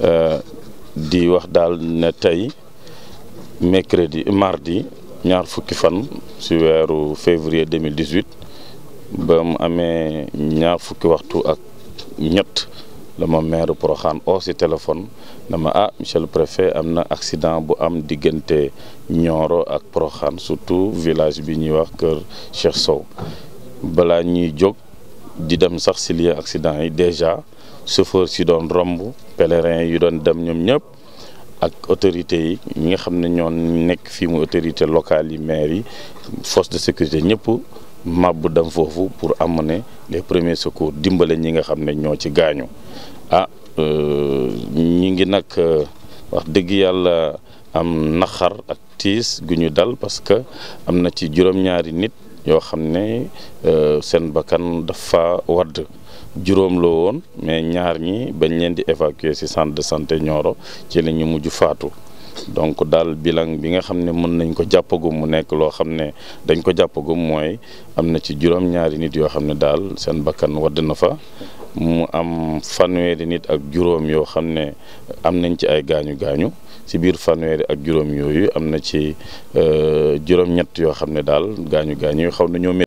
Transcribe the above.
Euh, di wax daal na tey mercredi mardi ñaar fukki fan ci weeru février 2018 ba mu amee ñaar fukki waxtu ak ñett la ma maire Porokhane oo ci téléphone na ah monsieur préfet am na accident bu am diggante Nioro ak Porokhane surtout village bi ñuy wax kër Cheikh Sow balaa ñuy jóg di dem sax ci lieu accident yi déjà chauffeur si doon romb pèlerin yu doon dem ñoom ñëpp ak autorités yi ñi nga xam ne ñoo nekk fii mu autorité locale yi maire yi force de sécurité ñëpp màbb dem foofu pour amener les premiers secours dimbale ñi nga xam ne ñoo ci gaañu ah euh, ñi ngi nag euh, wax dëgg yàlla am naxar ak tiis gu ñu dal parce que am na ci juróom-ñaari nit yoo xam ne euh, seen bakkan dafa wadd juróom la woon mais ñaar ñi bañ leen di évacuer ci centre de santé Nioro ci la ñu mujj faatu donc daal bilan bi nga xam ne mën nañ ko jàppagum mu nekk loo xam ne dañ ko jàppagum mooy am na ci juróom-ñaari nit yoo xam ne daal seen bakkan wadd na fa mu am fanweeri nit ak juróom yoo xam ne am nañ ci ay gaañu gaañu ci biir fanweeri ak juróom yooyu am na ci euh, juróom-ñett yoo xam ne daal gaañu gaañu xaw na ñoo